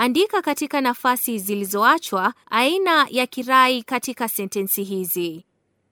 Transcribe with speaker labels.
Speaker 1: Andika katika nafasi zilizoachwa aina ya kirai katika sentensi hizi.